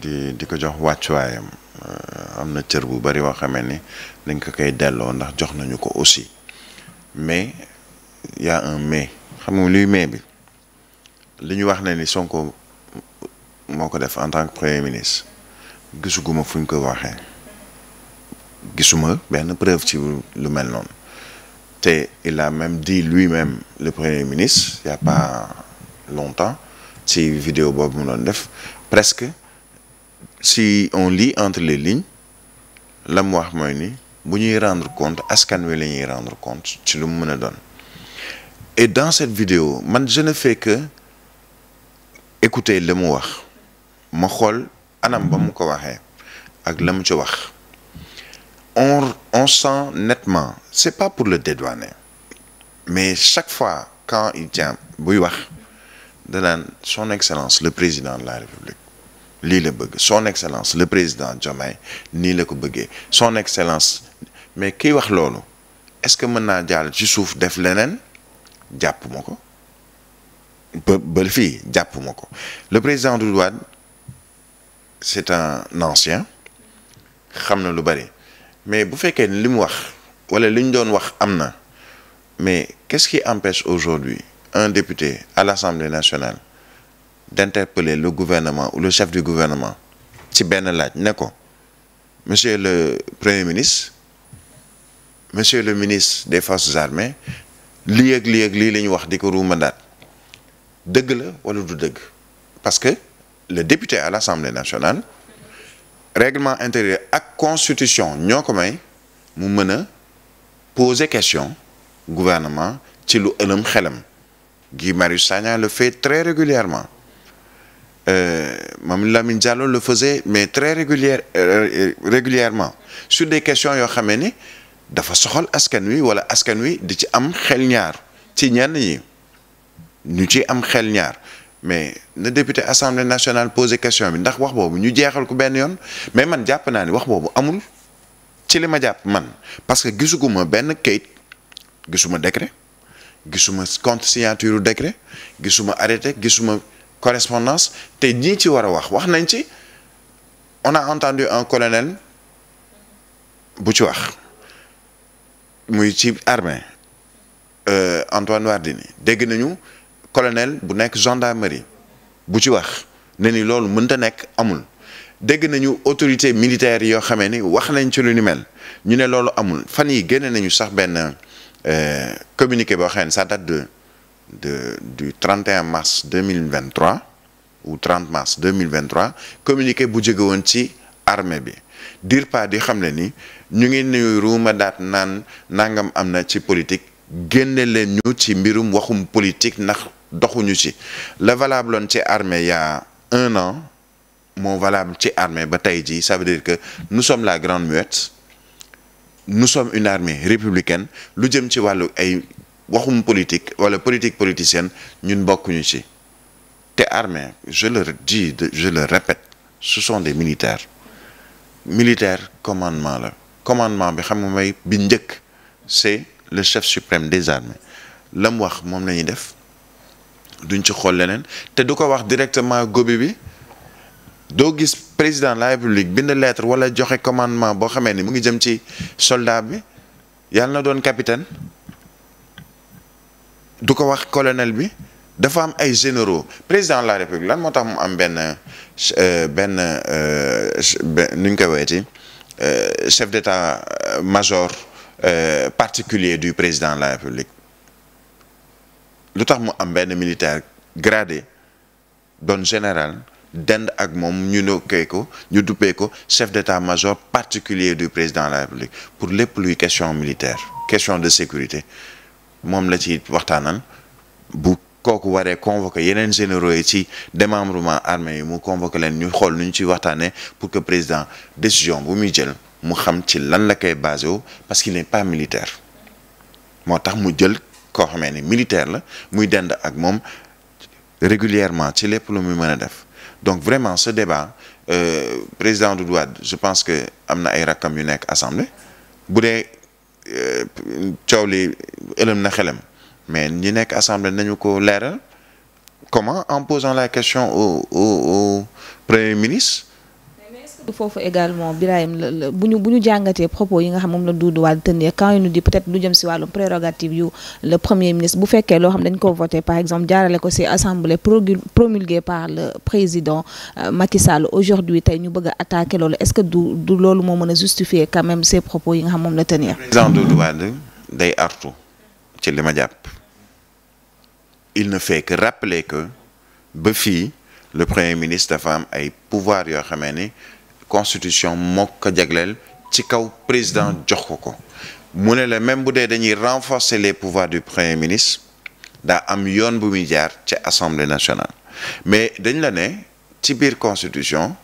di di ko jox wàccuwaayam euh, am na cër bu bari boo xamee ni dañ ko koy delloo ndax jox nañu ko aussi mais y un mais xam nga luy mais bi li ñu wax ne ni Sonko moo ko def en tant que premier ministre gisuguma fu ñu ko waxee gisuma benn preuve ci lu mel noonu te il a même dit lui-même le premier ministre il y a pas longtemps ci vidéo boobu mu doon def presque si on lit entre les lignes la mu wax mooy ni bu ñuy rendre compte askan wi la ñuy rendre compte ci lu mu mën a doon et dans cette vidéo man je a fekk que écouter la mu wax ma xool anam ba mu ko waxee ak la mu ci wax on on sent nettement c'est pas pour le dédouaner mais chaque fois quand il tient buy wax danaan son excellence le président de la république lii la bëgg son excellence le président Diomaye nii la ko bëggee son excellence mais kiy wax loolu est-ce que mën naa jàll ci suuf def leneen jàpp ma ko ba ba fii jàpp ma ko le président Doudou Wade c'est un ancien xam na lu bari mais bu fekkee ni li mu wax wala li ñu doon wax am na mais qu'est-ce qui empêche aujourd'hui un député à l'Assemblée nationale d'interpeller le gouvernement ou le chef du gouvernement ci benn laaj ne ko monsieur le premier ministre monsieur le ministre des forces armées lii ak lii ak lii la ñu wax di ko ruumandaat dëgg la wala du dëgg parce que le député à l'Assemblée nationale règlement intérieur ak constitution ñoo ko may mu mën a poser question gouvernement ci lu ëlëm xelam gi Marius Sagna le fait très régulièrement euh, Mame Lamine Diallo la faisait mais très régulière euh, régulièrement sur des questions yoo xamee ni dafa soxal askan wi wala askan wi di ci am xel ñaar ci ñenn ñi ñu ci am xel ñaar mais na député assemblée nationale posé question bi ndax wax boobu ñu jeexal ko benn yoon mais man jàpp naa ni wax boobu amul ci li ma jàpp man parce que gisuguma benn kayit gisuma décret gisuma contre signature décret gisuma arrêté gisuma correspondance te ñi ci war a wax wax nañ ci on a entendu un colonel bu ci wax muy ci armée euh, Antoine Wardini dégg nañu colonel bu nekk gendarmerie bu ci wax ne ni loolu mënta nekk amul dégg nañu autorité militaire yoo xamee ni wax nañ ci lu ni mel ñu ne loolu amul fan yi génne nañu sax benn euh, communiqué boo xam ne ça date de de du mille mars 2023 ou 30 mars 2023 communiqué bu jóge woon ci armée bi DIRPA di xam ne ni ñu ngi nuyu ruuma daat naan nangam am na ci politique génne leen ñu ci mbirum waxum politique ndax doxuñu ci la valable woon ci armée yaa un an moo valable ci armée ba tey jii ça veut dire que nous sommes la grande muette nous sommes une armée républicaine lu jëm ci wàllu ay waxum politique wala politique politicienne ñun bokkuñu ci te armée je le dis je le répète militaires militaire commandement la commandement bi xam nga may bi njëkk c'est le chef suprême des armées la mu wax moom la ñuy def duñ ci xool leneen te du ko wax directement gobi bi doo gis président de la république bind lettre wala joxe commandement boo xamee ni mu ngi jëm ci soldat bi yàlla na doon capitaine du ko wax colonel bi dafa am ay généraux président de la république lan moo tax mu am benn euh, benn euh, nu ñu koy weeti euh, chef d'état major particulier du président de la république lu tax mu am benn militaire gradé doon général dend ak moom ñu nokkee ko ñu duppee ko chef d'état major particulier du président de la république pour lépp luy question militaire question de sécurité moom la ci waxtaanan bu kooku waree convoqué yeneen généraux yi ci démembrement armée yi mu convoqué leen ñu xool nu ñu ciy waxtaanee pour que président décision bu muy jël mu xam ci lan la koy basé wu parce qu'il n'est pas militaire moo tax mu jël koo xamee ni militaire la muy dend ak moom régulièrement ci lépp lu muy mën a def donc vraiment ce débat euh, président Doudou Wade je pense que am na ay rakkam yu nekk assemblée bu Euh, coow li ëlëm na xelam mais ñi nekk assemblée nañu ko leeral comment en posant la question au au premier ministre foofu également Birahim la bu ñu jàngatee propos yi nga xam moom la Doudou Wade tenir quand il nous dit peut-être lu jëm si wàllum prérogative yu le premier ministre bu fekkee loo xam dañ ko voté par exemple jaarale ko si assemblée promulguée par le président euh, Macky aujourd'hui tey ñu bëgg a attaqué loolu est-ce que du loolu moo mën a justifier quand même ces propos yi nga xam moom la tenir. day artu ci li ma jàpp il ne fait que rappeler que ba fi le premier ministre dafa am ay pouvoir yoo xamee ni constitution moo ko jagleel ci kaw président jox ko ko mu ne la même bu dee dañuy renforcer les pouvoirs du premier ministre daa am yoon bu muy jaar ci assemblée nationale mais dañ la ne ci biir constitution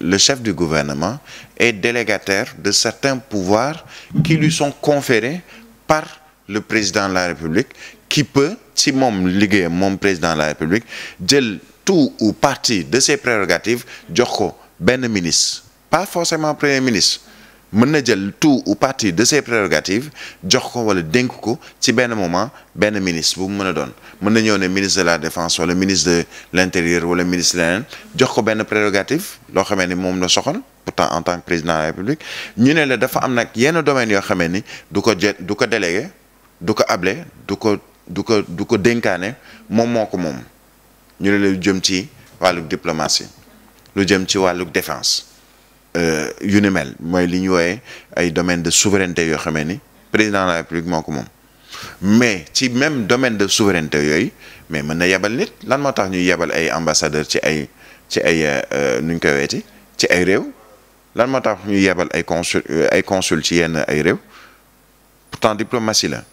le chef du gouvernement est délégataire de certains pouvoirs qui lui sont conférés par le président de la république qui peut si moom liggéeyam moom président de la république jël tout ou partie de ses prérogatives jox ko benn ministre pas forcément premier ministre mën na jël tout ou partie de ses prérogatives jox ko wala dénk ko ci benn moment benn ministre bu mu mën a doon mën na ñëw ne ministre de la défense wala ministre de l'intérieur wala ministre leneen jox ko benn prérogative loo xamee ni moom la soxal pourtant en tant que président la république ñu ne la dafa am nag yenn domaines yoo xamee ni du ko jë du ko délégué du ko able du ko du ko du ko dénkaane moom moo ko moom ñu ne la lu jëm ci wàlluk diplomatie lu jëm ci wàlluk défense Euh, yu ni mel mooy li ñu wooyee ay domaine de souveraineté yoo xamee ni président de la république moo ko moom mais ci même domaine de souveraineté yooyu mais mën na yebal nit lan moo tax ñuy yebal ay ambassadeur ci ay ci ay euh, euh, nuñ koy weeti ci ay réew lan moo tax ñuy yebal ay consul ay consul ci yenn ay réew pourtant diplomatie la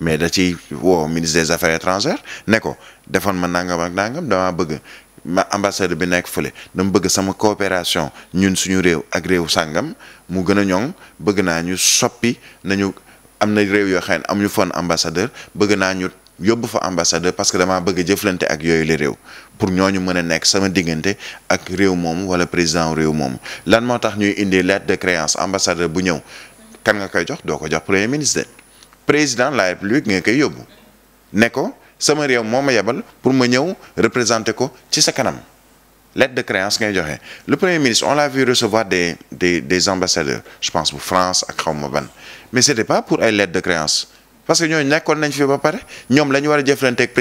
mais da ci woo ministre des affaires étrangères ne ko defoon ma nangam ak nangam dama bëgg ma ambassade bi nekk fële dama bëgg sama coopération ñun suñu réew ak réew sàngam mu gën a ñoŋ bëgg naa ñu soppi nañu am na réew yoo xam ne amuñu fon ambassadeur bëgg naa ñu yóbbu fa ambassadeur parce que damaa bëgg jëflante ak yooyu la réew pour ñoo ñu mën a nekk sama diggante ak réew moomu wala président réew moomu lan moo tax ñuy indi lettre de créance ambassadeur bu ñëw kan nga koy jox doo ko jox premier ministre président la république nga koy yóbbu ne ko sama réew moo ma yebal pour ma ñëw représenter ko ci sa kanam lettre de créance ngay joxe le premier ministre on l'a vu recevoir des des des ambassadeurs je pense bu France ak xaw ma ban mais c'était pas pour ay lettre de créance parce que ñooñu nekkoon nañ fi ba pare ñoom la ñu war a jëflante ak